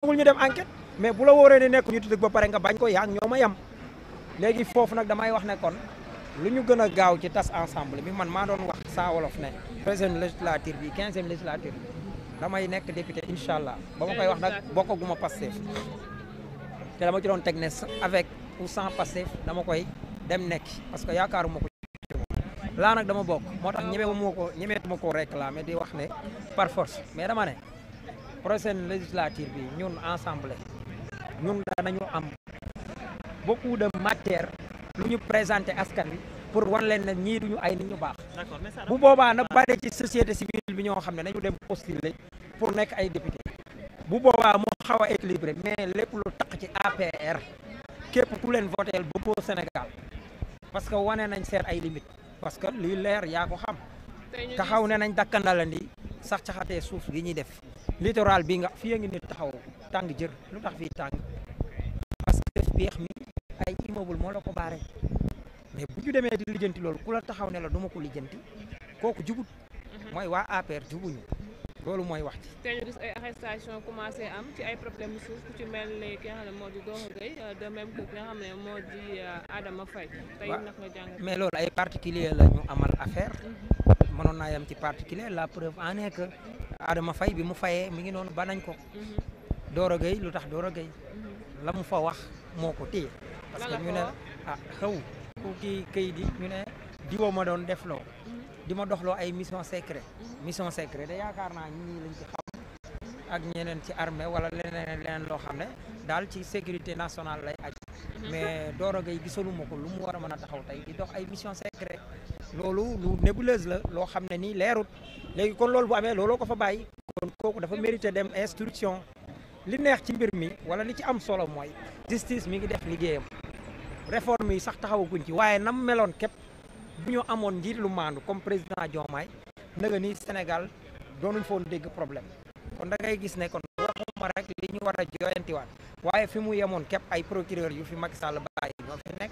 wul ñu dem enquête mais bu la wóoree ne nekk ñu tudd ba pare nga bañ ko yaa ñoo ma yem léegi foofu nag damay wax ne lu ñu gën a gaaw ci tas ensemble bi man maa doon wax saa wolof ne treizième législature bi quinzième législature bi damay nekk député incha allah ba ma koy wax nag bokkaguma Pastef te dama ci doon teg ne avec ou sans Pastef dama koy dem nekk parce que yaakaaruma ko laa nag dama bokk moo tax ñemewu ma ko ñemeetuma koo réclamer di wax ne par force mais dama ne prochaine législature bi ñun ensemble ñun danañu am beaucoup de matière lu ñu présenté askan bi pour wan leen ne ñii duñu ay nit ñu baax bu boobaa na bari ci société civile bi ñoo xam ne nañu dem postuler pour nekk ay député bu boobaa mu xaw a équilibré mais lépp lu tax ci APR képp ku leen voteel bëggoo Sénégal parce que wane nañ seen ay limites parce que luy leer yaa ko xam taxaw ne nañ dakkanalandi sax caxatee suuf gi ñuy def littoral bi nga fii a ngi ni taxaw tàng jër lu tax fii tàng parce que beex mi ay immeuble moo la ko baare mais bu ñu demee di lijjanti loolu ku la taxaw ne la duma ko lijjanti kooku jubut mhm. mooy waa APR jubuñu loolu mooy wax ci te gis ay arrestation commencé am ci ay problème suuf ku ci mel ni ki moo di Doro Gueye de même que nga xam ne moo di euh, euh, Adama Faye tey nag nga jàng mais loolu ay particulier la ñu amal affaire mhm. mënoon ci particulier la Adama fay bi mu fayee mi ngi noonu ba nañ ko. Mhm. doora géey lu tax Doro Gueye. Mhm. la mu fa wax moo ko téye. parce que ñu ne ah ku kii kayit yi ñu ne. diwoo ma doon def loo. Mhm. di ma dox loo ay mission secret. mission secret da yaakaar naa ñii lañ ci xam. ak ñeneen ci armée wala leneen leneen loo xam ne. daal ci sécurité nationale lay aj mais Doro géey gisaluma ko lu mu war a mën a taxaw tey di dox ay mission secret. loolu lu nébuleuse la loo xam ne nii leerut léegi kon loolu bu amee looloo ko fa bàyyi kon kooku dafa mérité dem instruction li neex ci mbir mi wala li ci am solo mooy justice mi ngi def liggéeyam réforme yi sax taxawaguñ ci waaye nam meloon képp bu ñoo amoon njiit lu maandu comme président Diomaye naga ni Sénégal doonuñ foon dégg problème kon da ngay gis nekkoon kon waxuma rek li ñu war a jooyantiwaat waaye fi mu yemoon képp ay procureur yu fi Macky Sall bàyyi ñoo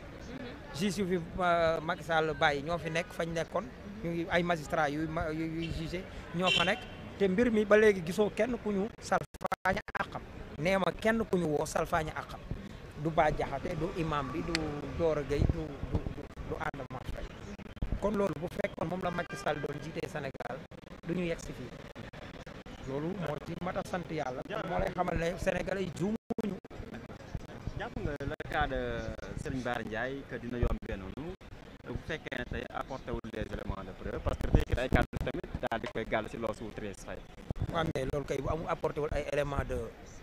juge yu fi euh, Macky Sall bàyyi ñoo fi nekk fañ nekkoon ñu ngi ay magistrat yuy yuy jugé ñoo fa nekk te mbir mi ba léegi gisoo kenn ku ñu salfaaña àqam nee ma kenn ku ñu woo salfaaña àqam du Bah Diakhaté du imam bi du Doro Gueye du du du Adama Faye kon loolu bu fekkoon moom la Macky Sall doon jiitee Sénégal du ñu yegg si fii loolu moo ci mat sant yàlla moo lay xamal ne Sénégalais yi juumuñu jàpp nga Serigne Bara Ndiaye que dina yombee noonu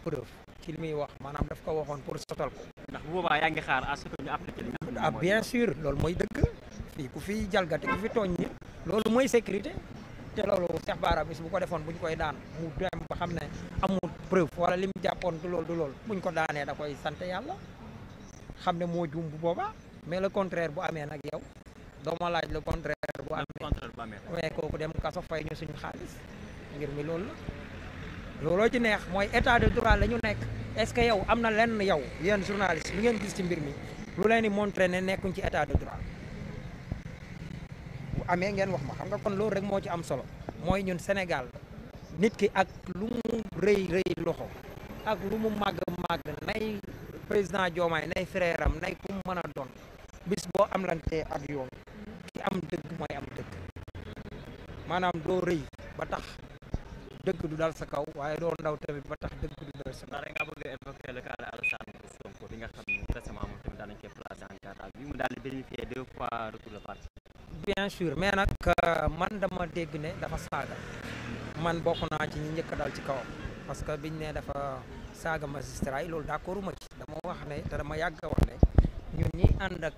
bu ko waxoon pour sotal ko. Ah, bien sûr loolu mooy dëgg fii ku fi jalgate ku fi tooñ nit loolu mooy sécurité te loolu Cheikh Bara bu ko defoon bu ñu koy daan mu dem ba xam ne amul preuve wala li jàppoon du loolu du ko daanee da koy sant yàlla. xam ne moo juum bu boobaa mais le contraire bu amee nag yow doo ma laaj le contraire bu amee mais kooku dem kaso fay ñu suñu xaalis ngir mi loolu la looloo ci neex mooy état de droit lañu nekk est-ce que yow am na lenn yow yéen journaliste lu ngeen gis ci mbir mi lu leen di montré ne nekkuñ ci état de droit bu amee ngeen wax ma xam nga kon loolu rek moo ci am solo mooy ñun Sénégal nit ki ak lu mu rëy rëy loxo ak lu mu màgg màgg nay président Diomaye nay frère am nay ku mën doon bis boo am lantee ak yoon ki am dëgg mooy am dëgg maanaam doo rëy ba tax dëgg du daal sa kaw waaye doo ndaw tamit ba tax dëgg du dal sa kaw. nga bëgg a évoquer le nga xam ne récemment moom tamit nañ koy placé en garde mu daal di bénéficier deux fois recours bien sûr mais nag euh, man dama dégg ne dafa saaga man bokk naa ci ñi njëkk a ci kawam. parce que biñ ne dafa saaga magistrat yi loolu d'accordu ma ci dama wax ne te dama yàgg a wax ne ñun ñi ànd ak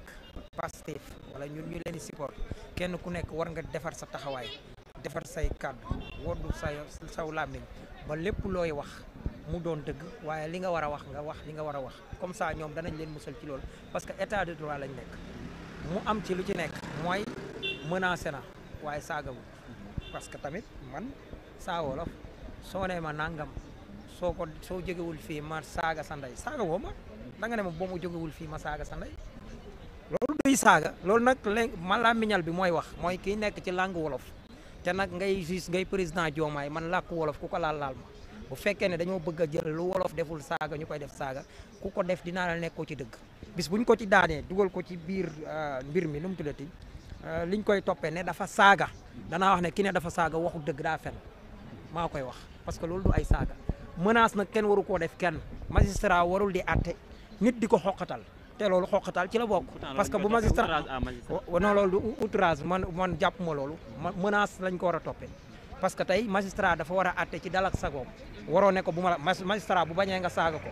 Pastef wala ñun ñu leen di kenn ku nekk war nga defar sa taxawaay defar say kàddu woddu sa saw làmmiñ ba lépp looy wax mu doon dëgg waaye li nga war a wax nga wax li nga war a wax comme ça ñoom danañ leen musal ci loolu parce que état de droit lañ nekk mu am ci lu ci nekk mooy menacé na waaye saagawul parce que tamit man saa wolof soo nee ma nangam soo ko soo jógewul fii ma saaga sa saaga woo ma da nga ne ma boo mu jógewul fii ma saaga sa loolu duy saaga loolu nag léegi ma làmmiñal bi mooy wax mooy kii nekk ci langue wolof te nag ngay juste ngay président Diomaye man làkk wolof ku ko laal laal ma bu fekkee ne dañoo bëgg a jël lu wolof deful saaga ñu koy def saaga ku ko def dinaa la nekkoo ci dëgg bis buñ ko ci daanee dugal ko ci biir euh, mbir mi nu mu tuddati euh, liñ koy toppee ne dafa saaga danaa wax ne ki ne dafa saaga waxu dëgg daa fen maa koy wax parce que loolu ay saaga menace nag kenn waru koo def kenn magistrat warul di àtte nit di ko xoqatal te loolu xoqatal ci la bokk. parce que bu magistrat non loolu du outrage man man jàpp ma loolu. menace lañ ko war a toppee. parce que tey magistrat dafa war a àtte ci dalak sagoom waroo ne ko bu ma la magistrat bu bañee nga saaga ko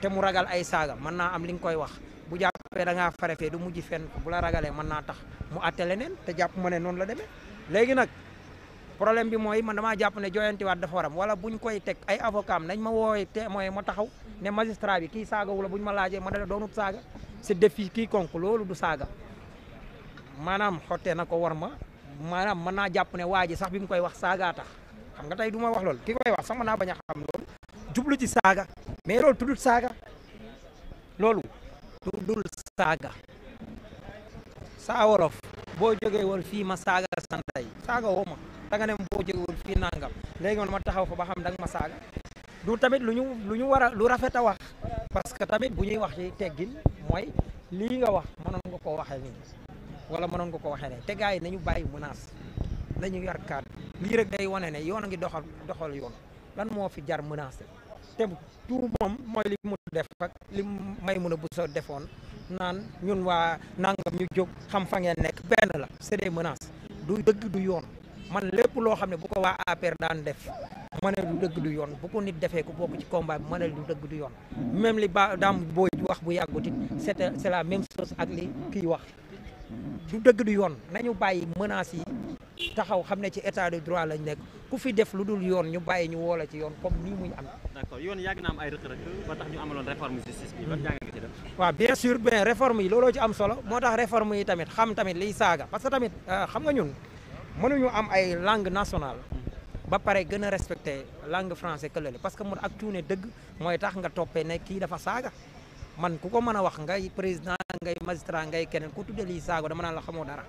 te mu ragal ay saaga mën naa am li nga koy wax bu jàppee da ngaa farefee du mujj fen bu la ragalee man naa tax mu àtte leneen te jàpp ma ne noonu la demee léegi nag. problème bi mooy man damaa jàpp ne jooyantiwaat dafa waram wala buñ koy teg ay avocat nañ ma woowee témoin ma taxaw ne magistrat bi kii saaga wala buñ ma laajee ma dana doonut saaga c'est fi kii konk loolu du saaga xottee na ko war ma maanaam mën naa jàpp ne waa ji sax bi mu koy wax saagaa tax xam tey du ma wax loolu ki koy wax sax mën naa xam loolu jublu ci saaga mais loolu tuddul saaga loolu tuddul saaga saa wolof boo jógee woon fii ma saaga santay saaga woo ma danga nga ne boo jëwul fii nangam léegi man ma taxaw fa ba xam da nga ma saaga du tamit lu ñu lu ñu war a lu rafet a wax parce que tamit bu ñuy wax ci teggin mooy lii nga wax mënoon nga koo waxee nii wala mënoon nga ko waxee ne te gars yi nañu bàyyi menace nañu yar kaat lii rek day wane ne yoon a ngi doxal doxal yoon lan moo fi jar menacé te tout moom mooy li mu def ak li may mun a bu soo defoon naan ñun waa nangam ñu jóg xam fa ngeen nekk benn la c'est des menaces du dëgg du yoon man lépp loo xam ne bu ko waa APR daan def ma ne dëgg du yoon bu ko nit defee ku bokk ci combat bi ma dëgg du yoon même li ba daam booy wax bu yàggut it c'est c'est la même chose ak li kii wax du dëgg du yoon nañu bàyyi menaces yi taxaw xam ne ci état de droit lañ nekk ku fi def lu dul yoon ñu bàyyi ñu woola ci yoon comme nii muñ am. yoon yàgg na am ay rëq-rëq ba tax ñu amaloon réforme justice bien sûr bien réforme yi looloo ci am solo moo tax réforme yi tamit xam tamit liy saaga parce que tamit euh, xam nga ñun. ñu am ay langue nationale ba pare gën a respecté langue français que lële parce que mun ak cuune dëgg mooy tax nga toppe ne kii dafa saaga man ku ko mën a wax ngay président ngay magistrat ngay keneen ku tudde lii saago dama naan la xamoo dara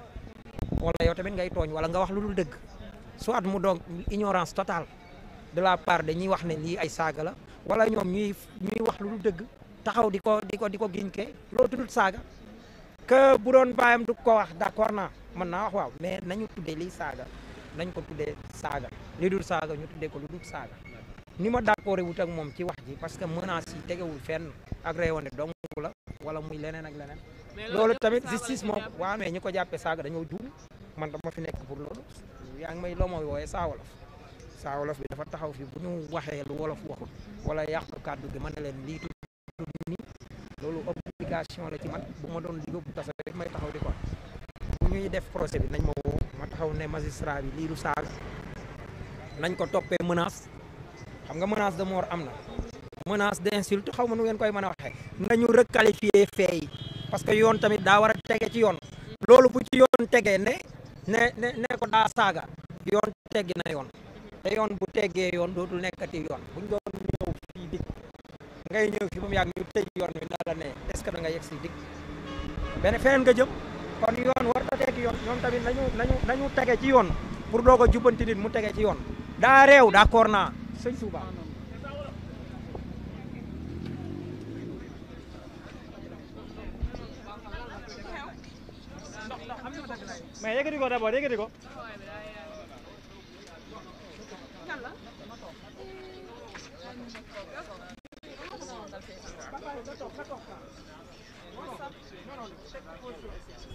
wala yow tamit ngay tooñ wala nga wax lu dul dëgg soit mu doon ignorance totale de la part de ñuy wax ne lii ay saaga la wala ñoom ñuy wax lu dul dëgg taxaw di ko di ko di ko giñ ke loolu tuddul saaga que bu doon bàyyam du ko wax d'accord naa mën naa wax waaw mais nañu tuddee liy saaga nañ ko tuddee saaga li dul saaga ñu tuddee ko lu dul saaga ni ma d'accord wut ak moom ci wax ji parce que menaces si tegewul fenn ak reewande dong la wala muy leneen ak leneen loolu tamit justice moom waaw mais ñu ko jàppee saaga dañoo juum man dama fi nekk pour loolu yaa ngi may loo ma wooyee saa wolof saa wolof bi dafa taxaw fi bu ñu waxee lu wolof waxul wala yàq kàddu gi ma ne leen lii tudd nii loolu obligation la ci man bu ma doon liggéey bu may taxaw di ko ñuy def procès bi nañ ma ma taxaw ne magistrat bi lii du saag nañ ko toppee menace xam nga menace de mort am na de d'insulte xaw ma nu ngeen koy mën a waxee nañu requalifier fee yi parce que yoon tamit daa war a tege ci yoon loolu bu ci yoon tegee ne ne ne ne ko daa saaga yoon teggi na yoon te yoon bu tegee yoon dootul nekkati yoon buñ doon ñëw fii dikk ngay ñëw fi ba mu yàgg ñu tëj yoon bi na la ne est-ce yegg si dikk benn feneen nga jëm kon yoon war ta teg yoon ñoom tamit nañu nañu nañu tege ci yoon pour doog a jubbanti nit mu tege ci yoon daa réew d'accord naa sëñ Touba mais yëkkati ko